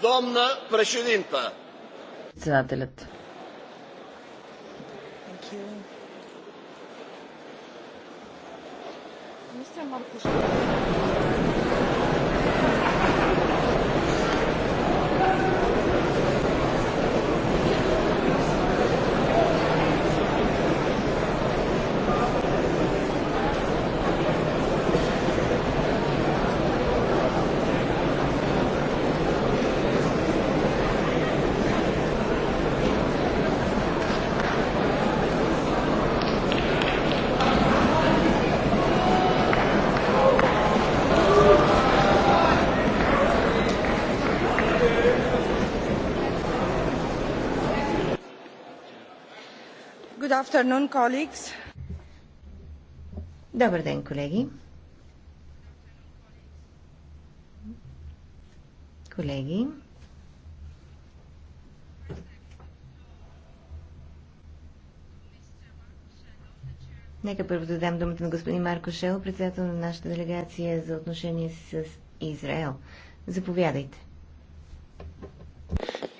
Doamnă președintă! Председателят. Thank you. Mr. Marcus. Good afternoon, colleagues. Добър ден, колеги. Колеги. Нека първо да дам думата на господин Марко Шел, председател на нашата делегация за отношение с Израел. Заповядайте.